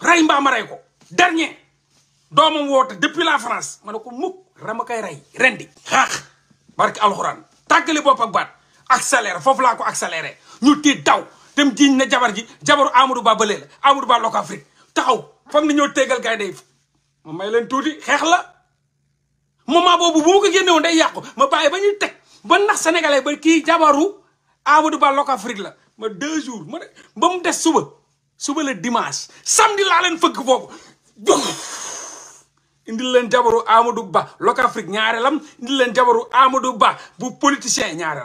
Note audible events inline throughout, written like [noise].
rey mbaa ma rey ko dernier doomam woote depuis la France ma ne ko mukk rama koy rey rendi xaax barke alxuraan tàggali bopp ak baat accéléré foofu laa ko accéléré ñu tiit daw dem jiiñ na jabar ji jabaru Amadou Ba bële la Amadou Ba loko taxaw fam na ñoo tegal gaay day ma may leen tuuti xeex la moment boobu bu ma ko génnewoon day yàqu ma bàyyi ba ñuy teg ba nax sénégalais ba kii jabaru Amadou Ba la ma deux jours ma ba mu des suba suba la dimanche samedi laa leen fëgg foofu indil leen jabaru Amadou Ba ñaare lam indil leen jabaru Amadou Ba bu politicien ñaare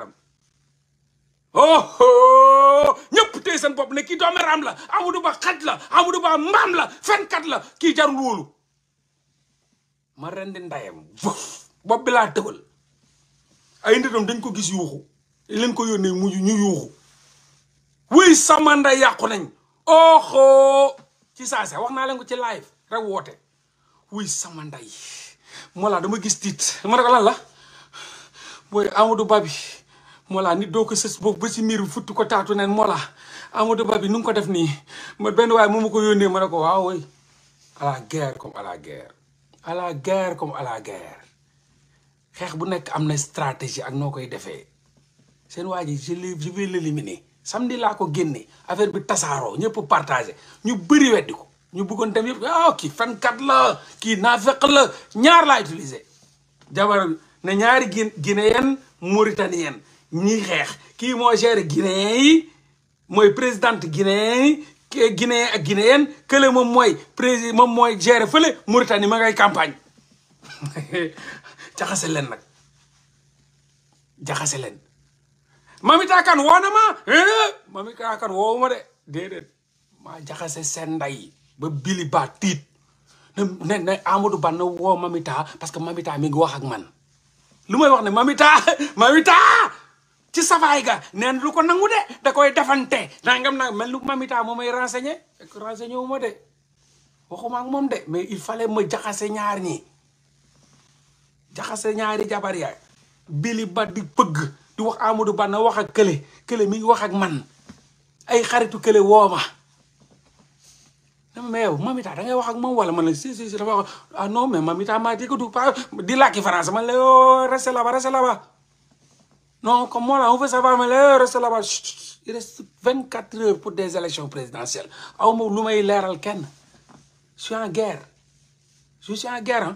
oh, oh ñëpp tey seen bopp ne kii doomeram la Amadou Ba xaj la Amadou Ba mbaam la fenkat la kii jarul wóolu ma rendi ndayam bopp bi laa tëbal ay nditam dañ ko gis yuuxu leen ko yónnee mujj ñu yuuxu wuy sama nday yàqu nañ oxo ci saase wax naa leen ko ci live rek woote wuy sama nday Mollah dama gis tiit dama ne ko lan la booy Amadou Ba bi Mollah nit doo ko sës boobu ba si miir futt ko taatu neen Mollah Amadou Ba bi nu ngi ko def nii ma benn waaye mu ma ko yónnee ma ne ko waaw woy à la guerre comme à la guerre à la guerre comme à la guerre xeex bu nekk am na stratégie ak noo koy defee seen waa ji je vais l'éliminer samedi laa ko génne affaire bi tasaaroo ñëpp partagé ñu bëri weddi ko ñu buggoon dem yëpp ah kii fenkat la kii naafeq la ñaar laa utilisé. jabar ne ñaari Guin guinéen mauritanien ñiy xeex kii moo géré guinéen yi mooy présidente guinéen yi guinéen ak guinéen kële moom mooy moom mooy géré fële Mauritanie ma ngay campagne [laughs] jaxase leen nag jaxase leen. ta kan ma eh ka kan wowuma de dedet ma jaxase sen nday ba bili ba tiit ne ne amadou ban wo mami ta parce que ta mi ngi wax ak man lumay wax ne mami ta ci savaay ga neen lu ko nangou de da koy defante nangam nak mel lu mami ta momay renseigner renseigner wu ma de waxuma ak mom de mais il fallait ma jaxase ñaar ñi jaxase ñaari jabar ya bili ba di peug du wax Amadou Ba na wax ak kële kële mi ngi wax ak man ay xaritu kële wooma mais yow Mamita da ngay wax ak moom wala man la si si si dafa wax ah non mais Mamita maa di ko du pa di làkki France man la yoo oh, reste là-bas reste non comme moi là on veut man la yoo oh, reste là-bas vingt quatre heures pour des élections présidentielles aw ma lu may leeral kenn je suis en guerre je suis en guerre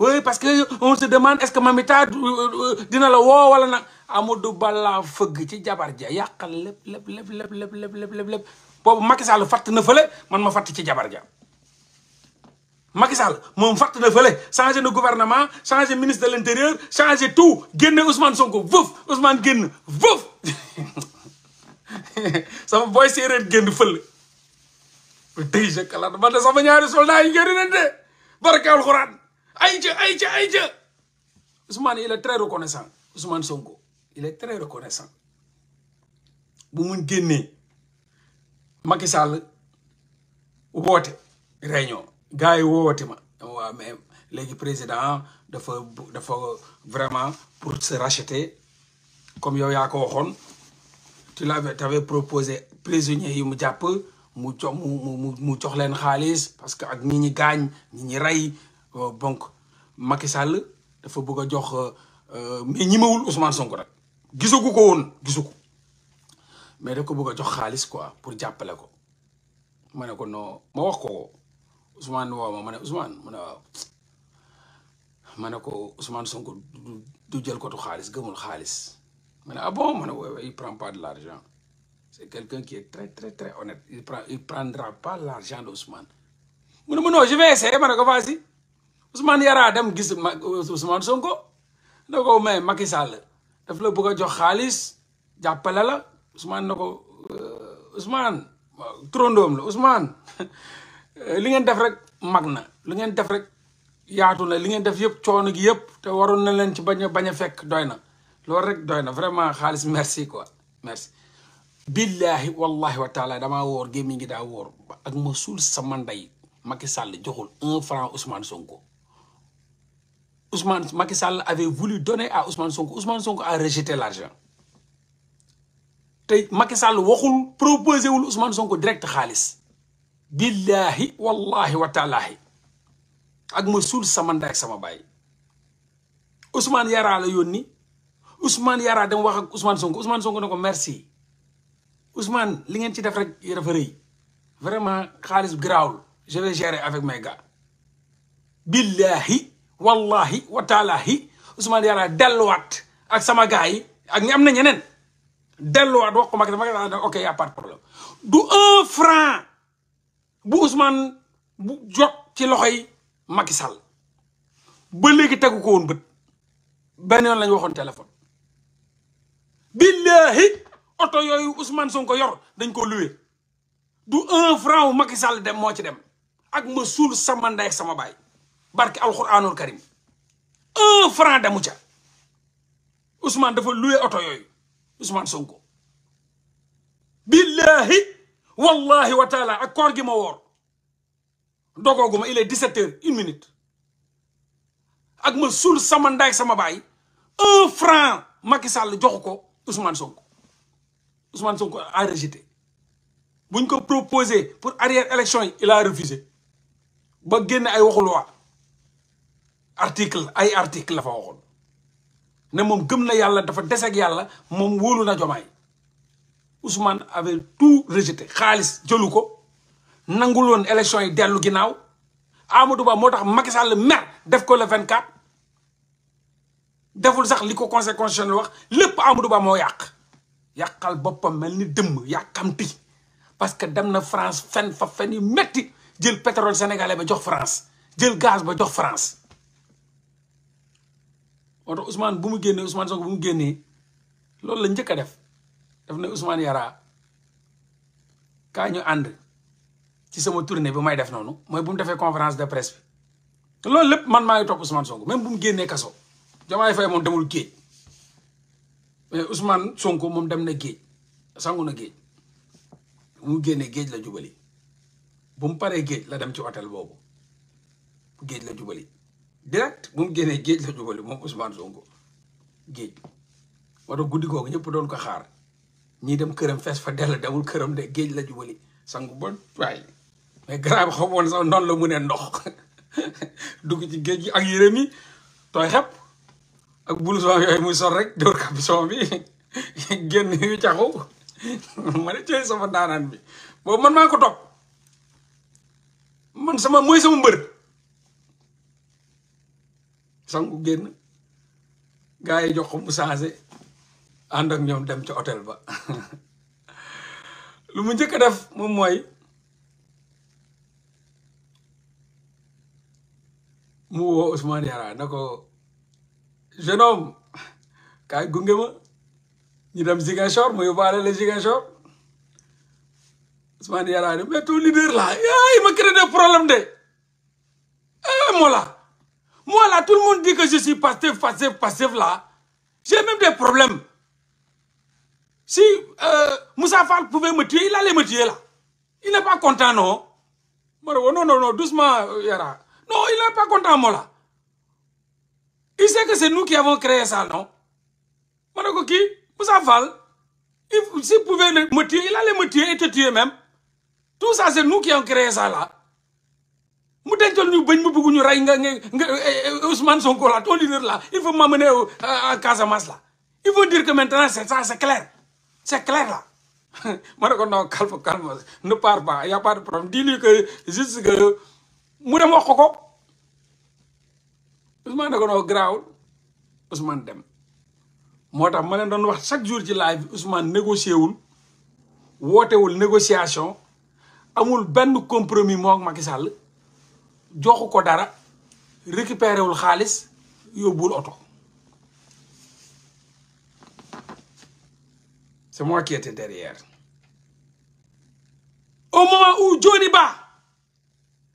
oui parce que on se demande est-ce que Mamita euh, euh, dina la woo wala nag Amadou Ba fëgg ci jabar ja yàqal lépp lépp lépp lépp lépp lépp lépp boobu Macky fatt na fële man ma fatt ci jabar ja Macky Sall moom fatt na fële changé na gouvernement changé ministre de l'intérieur changé tout génne Ousmane Sonko vëf Ousmane génn vëf [laughs] sama boy séeréer génn fële tey jëkkalaat man de sama ñaari soldat yi ngeen de barke alxuraan aïe, Aïe aïe! Ousmane, il est très reconnaissant. Ousmane Sonko, il est très reconnaissant. bu mu Macky Sall woote réunion ma mais Le président dafa dafa vraiment pour se racheter comme yow y ko tu l'avais proposé prisonnier, il dit parce que ak euh, donc Macky Sall il bëgg a un euh, euh, mais Ousmane Sonko rek ko mais il faut bëgg quoi pour Ousmane Ousmane du bon il prend pas de l'argent c'est quelqu'un qui est très très très honnête il prendra pas l'argent d'Ousmane je vais essayer y Ousmane Yara dem gis Ousmane Sonko ne me Macky Sall daf la bëgg jox xaaliss jappala la Ousmane nako euh, Ousmane trondom la Ousmane [laughs] li ngeen def rek magna li ngeen def rek yaatu na li ngeen def yëpp gi yëpp te waron na leen ci baña baña fekk doyna lool rek doyna vraiment xaaliss [laughs] merci quoi merci billahi wallahi wa taala dama wor gemi ngi da wor ak ma sul sa manday Macky Sall joxul 1 franc Ousmane Sonko Ousmane Macky avait voulu donner à Ousmane Sonko Ousmane Sonko a rejeté l'argent te Macky Sall proposé Ousmane Sonko direct Khalis. billahi wallahi wa ta'alahi. ak samanda sama Ousmane Yara la yonni. Ousmane Yara dem wax ak Ousmane Sonko Ousmane Sonko nako merci Ousmane li ngeen ci def rek vraiment Khalis Graul. je vais gérer avec mes gars billahi wallahi wa taalahi Ousmane Diarra delluwaat ak sama gars ak ñi am na ñeneen delluwaat wax ko Macky Macky Sall ok ya pas de problème du 1 franc bu Ousmane bu jot ci loxoy Macky Sall ba legi tegu ko woon bët benn yoon lañ waxon téléphone billahi oto yooyu Ousmane Sonko yor dañ ko louer du 1 franc wu Macky Sall dem mo ci dem ak ma suul sama nday ak sama baay barke alxuraanul karim un franc demu ca Ousmane dafa loué oto yooyu Ousmane Sonko billahi wallahi wa taala ak koor gi ma woor dogooguma il est 17 heures une minute ak ma suul sama ndaay sama baay un franc Macky Sall joxu ko Ousmane Sonko Ousmane Sonko a buñ ko proposé pour arrière élection yi il a ba génn ay waxu article ay article la fa waxoon ne moom gëm na yàlla dafa des yàlla moom wóolu na jomaay Ousmane avait tout rejeté xaalis jëlu ko nangu loon élection yi dellu ginnaaw Amadou Ba moo tax Macky Sall mer def la le 24 deful sax li ko conseil constitutionnel wax lépp Amadou Ba moo yàq yàqal boppam mel ni dëmm yàkkamti parce que dem na France fen fa fen yu metti jël pétrole sénégalais ba jox France jël gaz ba jox France moo tax Ousmane bu mu génnee Ousmane Sonko bu mu génnee loolu la njëkk a def daf ne Ousmane Yara kaa ñu ànd ci sama tournée bi may def noonu mooy bu mu defee conférence de presse bi loolu lépp man maa ngi topp Ousmane Sonko même bu mu génnee kaso Diomaye Faye moom demul géej mais Sonko moom dem na géej sangu na géej bu mu génnee géej la jubali bu mu paree géej la dem ci hôtel boobu géej la jubali direct bu mu génnee géej la jubali moom Ousmane Sonko géej moo tax guddi googu ñëpp doon ko xaar ñii dem këram fees fa dell demul këram de géej la jubali sangu ba waay mais garab xamoon la mu ndox [laughs] dugg ci géej gi ak yërëm yi tooy xepp ak blouson yooyu muy rek dóor capuchon [laughs] [laughs] ma ne cooy sama daanaan bi boobu man maa ko topp man sama mooy sama mbër sangu génn gars yi jox ko mu changé ànd ak ñoom dem ci hôtel ba [laughs] lu mu njëkk a def moom mooy mu woo Ousmane Yara na ko jeune homme kaay gunge ma ñu dem Ziguinchor mu yóbbaale la Ziguinchor Ousmane Yara ne mais tout leader la yaay ma créé des problèmes de ah Mollah Moi, là, tout le monde dit que je suis pasteur, pasteur, pasteur, là. J'ai même des problèmes. Si euh, Moussa Fall pouvait me tuer, il allait me tuer, là. Il n'est pas content, non Non, non, non, doucement, euh, Yara. Non, il n'est pas content, moi, là. Il sait que c'est nous qui avons créé ça, non qui Moussa Fall, s'il pouvait me tuer, il allait me tuer et te tuer même. Tout ça, c'est nous qui avons créé ça, là. mu dencal ñu bañ ma bëgg ñu rey nga nga eh, eh, Ousmane Sonko la ton leader là il faut m'amener à Casamance là il faut dire que maintenant c'est ça c'est clair c'est clair là [laughs] ma ne ko non calme calme ne pars pas y a pas de problème dis-lui que mu dem wax ko ko Ousmane ne ko non garaawul Ousmane dem moo tax ma leen doon wax chaque jour ci live Ousmane négocié wul wootewul négociation amul benn compromis moo ak Sall joxu dara récupéré wul c'est moi qui étais derrière au moment où Johnny Ba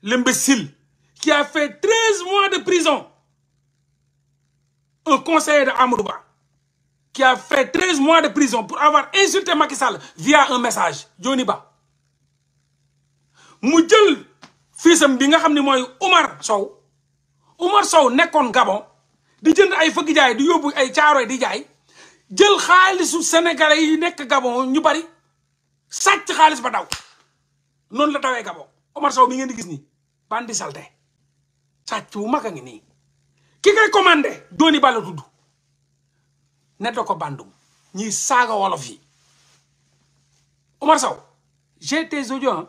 l'imbécile qui a fait 13 mois de prison un conseiller de qui a fait 13 mois de prison pour avoir insulté Makissal via un message Johnny Ba mu fiisam bi nga xam ne mooy Umar Sow Umar Sow nekkoon Gabon di jënd ay fëgg jaay di yóbbu ay caaroy di jaay jël xaalisu sénégalais yi nekk Gabon ñu bari sàcc xaalis ba daw noonu la dawee Gabon Umar Sow mi ngeen di gis nii bandi salte sàcc wu mag a ngi nii ki koy commandé dooni bala tudd ne da ko bandum ñiy saaga wolof yi Umar Sow j'ai tes audios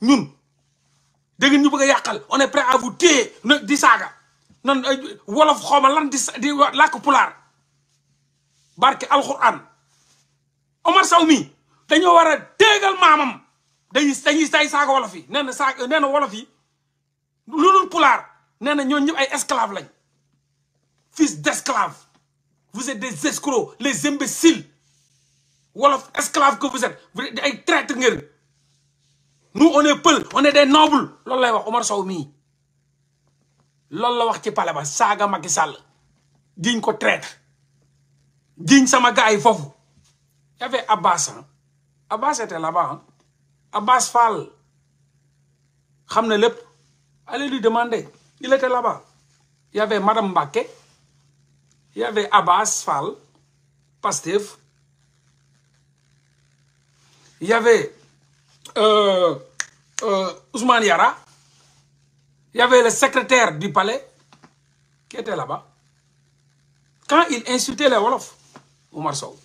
ñun da nous ñu bëgg a on est prêt à vous téye di saaga non, euh, wolof xawma lan di La làkk pulaar barke alxuraan Omar Sow mii dañoo war a déegal maamam dañuy dañuy say saaga wolof yi nee na saaga n'en na wolof yi lu dul n'en, nee na ñoo ay esclave lañ fils d'esclave vous êtes des escrocs les imbéciles wolof esclave que vous êtes vous êtes des traîtres nous on est peul on est des nobles loolu wax Omar Saoumi. mii la wax ci pale ba Saga Macky Sall diñ ko traître diñ sama gars y avait Abbas hein. Abbas était là-bas hein. Abbas Fall xam allez lui demander il était là-bas Il y avait madame Il y avait Abbas Fall Pastef y avait euh, euh, Ousmane Yara il y avait le secrétaire du palais qui était là-bas quand il insultait les Wolofs Omar Sow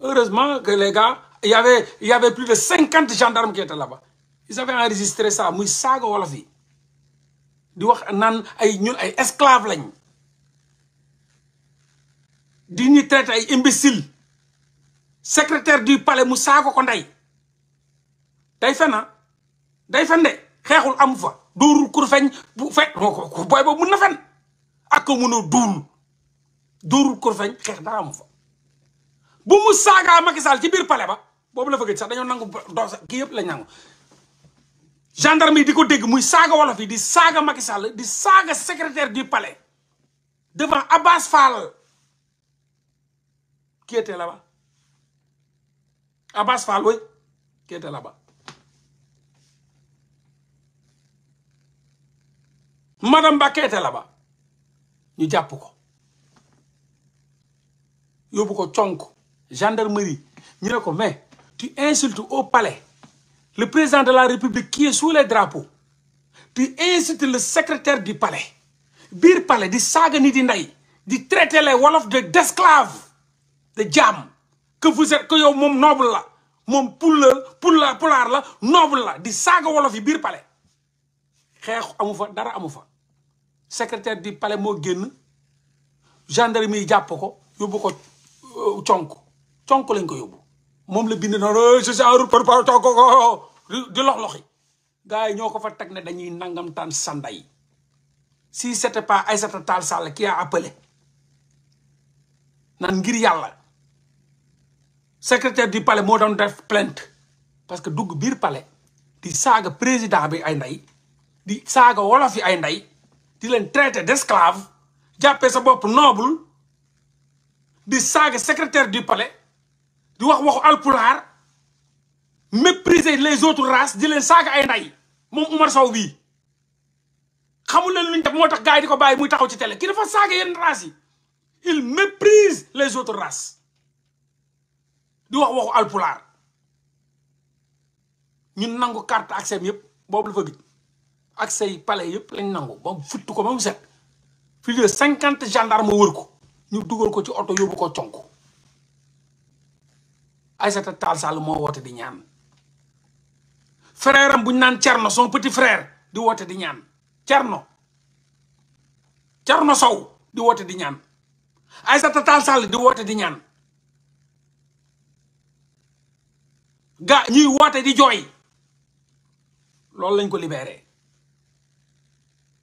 heureusement que les gars il y avait il y avait plus de 50 gendarmes qui étaient là-bas ils avaient enregistré ça muy que Wolof Il di wax était esclaves secrétaire du palais Moussa Kondai. day fen ah day fen de xeexul am fa dóorul kur feñ bu fe booy boobu mun na fen ak ko mun a duul dóorul kur xeex daa am fa bu mu saagaa Macky ci biir palais ba boobu la fa gëj sax dañoo nangu doos kii yëpp lañ nangu gendarme yi di ko dégg muy saaga wolof yi di saaga Macky Sall di saaga secrétaire du pale devant Abbas Fall qui était là-bas Abbas Fall oui qui était là-bas madame ba là ba ñu jàpp ko gens ko gendarmerie ñu mais tu insultes au palais le président de la république qui est sous les drapeaux tu insultes le secrétaire du palais bir palais di saga ni traiter les wolofs de d'esclave de jam, que vous êtes que yow êtes noble la poule, pour pula la noble la di saga wolof palais secrétaire du palais mo génn gendarmerie japp ko yóbbu ko conk euh, conk lañ ko yóbbu mom la bind noonu eh, je suis en par pour ko oh, oh, oh. di lox loxi gaay ñoko fa teg ne dañuy nangam tan sanday si c'était pas aissata tal Sall qui a appelé nan ngir yalla secrétaire du palais mo don def plainte parce que dugg bir palais di saga président bi ay nday di saga wolof yi ay nday di leen traité d'esclave jàppee sa bopp noble di saaga secrétaire du palais di wax waxu alpulaar mépriser les autres races di leen saaga ay nday moom Umar Sow bii xamul leen luñ def moo tax gars yi di ko bàyyi muy taxaw ci télé ki dafa saaga yenn races yi il méprise les autres races di wax waxu alpulaar ñun nangu carte accès yëpp boobu la fa gëj ak say palais yep lañ nangu ba futt ko ba set fi de 50 gendarme wër ko ñu duggal ko ci auto yobu ko conk Aïssata tal sal mo wote di ñaan frère am buñ nan tierno son petit frère di wote di ñaan tierno tierno saw di wote di ñaan Aïssata tal sal di wote di ñaan ga ñi wote di joy lolou lañ ko libérer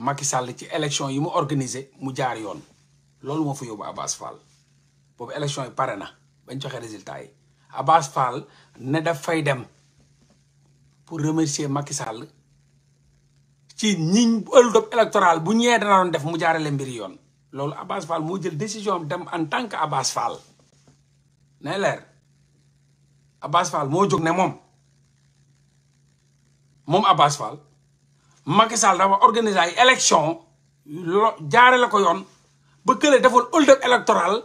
Macky ci élection yi mu organisé mu jaar yoon loolu moo fa yóbbu Abass Fall boobu élection yi pare na bañ joxe résultat yi Abass Fall ne daf fay dem pour remercier Macky Sall ci ñiñ ëllëg électoral bu ñëwee dana doon def mu jaarale mbir yoon loolu Abass Fall moo jël décision dem en tant que Abass Fall ne leer Abass Fall moo jóg ne moom moom Abass Fall Macky Sall dafa ay élection lo jaare ko yoon ba kële defoon hold électoral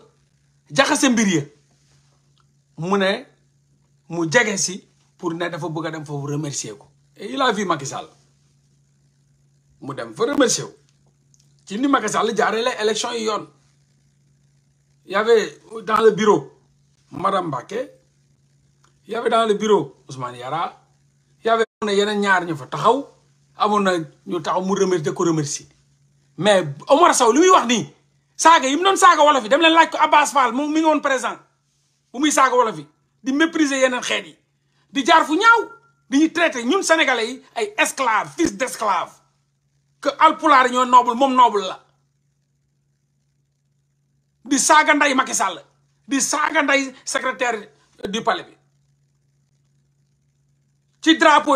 jaxase mbir mu ne mu jege si pour ne dafa bëgg a dem foofu remercier ko et il a vu mu dem fa remercier wu ci ni Macky Sall jaare la élection yi yoon y avait dans le bureau Madame Mbacké y avait dans le bureau Ousmane Yara y avait yeneen ñaar ñu fa taxaw amoon na ñu taxaw mu remercier ko remercier mais Omar Sow li muy wax nii saaga yi mu doon saaga wolof yi dem leen laaj ko Abbas Fall mu mi ngi woon présent bu muy saaga wolof yi di mépriser yeneen xeet yi di jaar fu ñaaw di ñu traité ñun sénégalais yi ay esclave fils d' que alpulaar ñoo noble moom noble la di saaga nday Macky Sall di saaga nday secrétaire du palais bi ci drapeau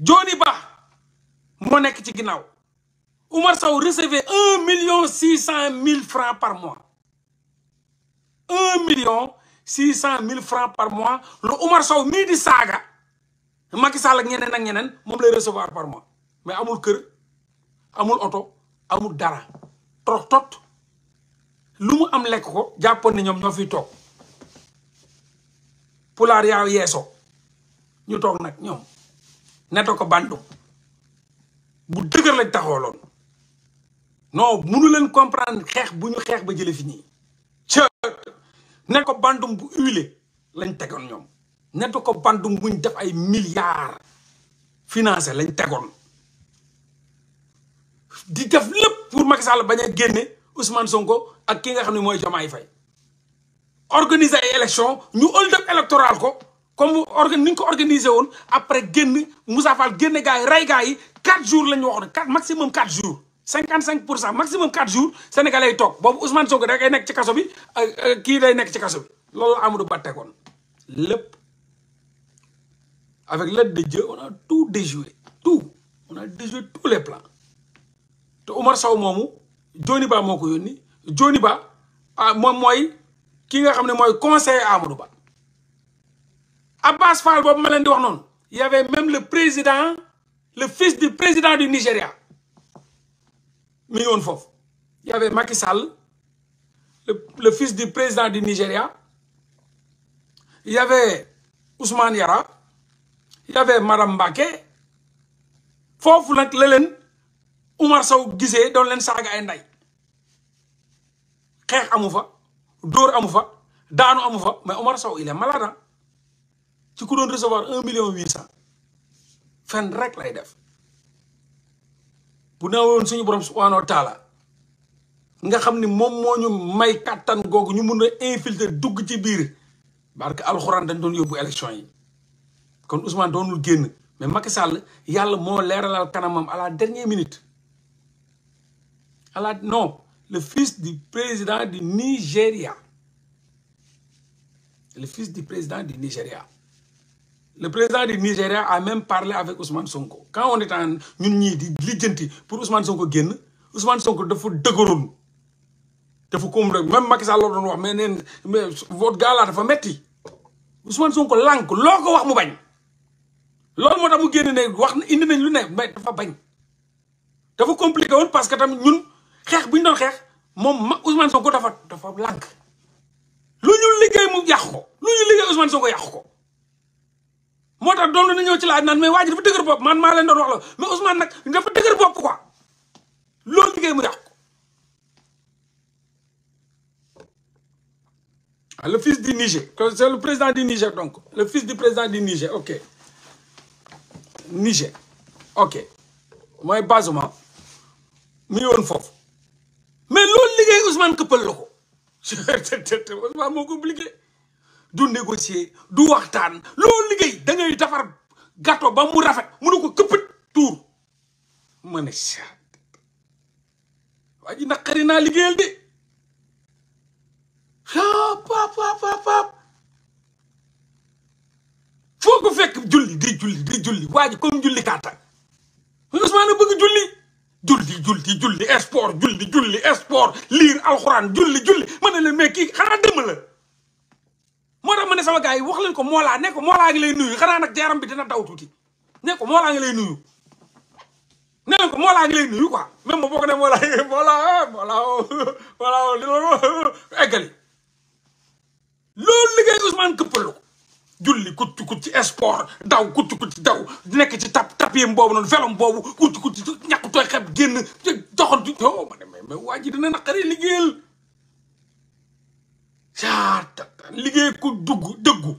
Johnny Ba moo nekk ci ginnaaw Oumar Sow recevait un million six cent mille francs par mois un million six cent mille francs par mois lu Oumar Sow mii di saaga Macky Sall ak ñeneen ak ñeneen moom lay recevoir par mois mais amul kër amul oto amul dara trop tot lu mu am lekk ko jàppoon ne ñoom ñoo fiy toog pulaar yaaw yeeso ñu toog nag ñoom nete ko bandu bu dëgër lañ taxawaloon non munu leen comprendre xeex bu ñu xeex ba jële fi nii ca nete ko bandum bu huilé lañ tegoon ñoom nete ko bandum buñ def ay milliards financé lañ tegoon di def lépp pour Macky Sall bañ a génne Ousmane ak ki xam ne mooy Diomaye fay organiser ay élection ñu hold up électoral ko comme nous ko organisé après guen Moussa Fall génne gaay ray gaay 4 jours 4 maximum 4 jours. 55 maximum 4 jours sénégalais yi toog Ousmane Sonko da ngay là, ci kaso bi euh, euh, kii day nekk ci kaso bi ce Amadou Ba tegoon avec l'aide de Dieu on a tout déjoué tout on a déjoué tous les plans te Omar Sow Momu, Joni Ba moo Joni Ba ah, moi, mooy ki nga xam ne conseil conseiller Amadou Ba. Abbas Fall il y avait même le président le fils du président du Nigeria. Fof. il y avait Macky Sall le fils du président du Nigeria. il y avait Ousmane Yara il y avait Madame Baké. Il y avait Omar Sow gisee dans leen saaga ay amoufa, Dour amoufa, fa Amoufa, mais Omar Sow il est malade hein ci ku doon recevoir 1 million huit cent fen rek lay def bu newoon suñu borom subhaanahu wa taala nga xam ni moom may kàttan googu ñu mun infiltrer dugg ci biir barke alxuraan dañ doon yóbbu élection yi kon Ousmane doonul génn mais Macky Sall yàlla moo leeralal kanamam à la dernière minute à la non le fils du président du Nigeria. le fils du président du Nigeria. le président du Nigeria a même parlé avec Ousmane Sonko quand on était en ñun ñii di lijjanti pour Ousmane Sonko génn Ousmane Sonko dafa dëgëroon dafa koom même Macky Sall la doon neen mais votre gars dafa metti Ousmane Sonko lànk loo ko wax mu bañ loolu mu génn ne wax indi nañ lu ne mais dafa bañ dafa compliqué woon parce que tamit ñun xeex bu ñu doon xeex moom ma Ousmane Sonko dafa dafa lànk lu ñu liggéey mu yàqu ko lu ñu liggéey Ousmane Sonko yàqu ko. moo tax doon na ñëw ci laaj naan mais waa ji dafa dëgër bopp man maa leen doon wax la mais Ousmane nag dafa dëgër bopp quoi loolu liggéey mu yàqu. ah le fils du Niger c'est le président du Niger donc le fils du président du Niger ok Niger ok mooy basement mi woon foofu mais loolu liggéey Ousmane këppal la ko [laughs] Ousmane moo ko du négocier du waxtan lo liguey da ngay dafar gâteau ba mu rafet mënu ko këppit tuur ma ne sa waa ji de ha pa pa pa pa foko fek julli di julli di julli waji ji comme julli kata Ousmane beug julli julli julli julli sport julli julli sport lire alxuraan julli julli ma ne leen mais kii dem la moo tax ne sama gars yi wax leen ko Mollah ne ko Mollah ngi lay nuyu xanaa nag jaram bi dina daw tuuti ne ko Mollah ngi lay nuyu. ne ko Mollah ngi lay nuyu quoi même ma bokk ne Mollah [laughs] Mollah Mollah Mollah li loolu eggali loolu liggéey Ousmane julli kucc kucc ci sport daw kucc kucc daw nekk ci tap tapiem boobu noonu velom boobu kucc kucc ci ñàkk tooy xeb génn doxantu o ma ne mais waa ji dina naqari liggéeyal jaata liggéey ku dugg dëggu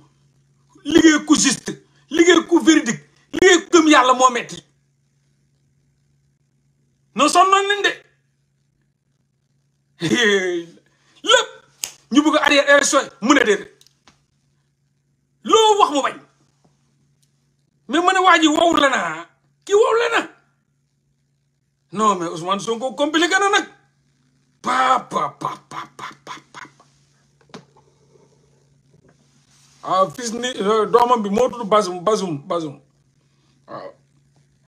liggéey ku juste liggéey ku véridique liggéey ku gëm yàlla moo metti non sonnoon nañ de [laughs] lépp ñu bëgg arrière élection mu ne déedéet loo wax mu bañ mais ma ne waa ji wow la wow la na non mais Ousmane Sonko compliqué na nag pa pa pa pa a ah, fils ni euh, doomam bi moo tudd Bazoum Bazoum Bazoum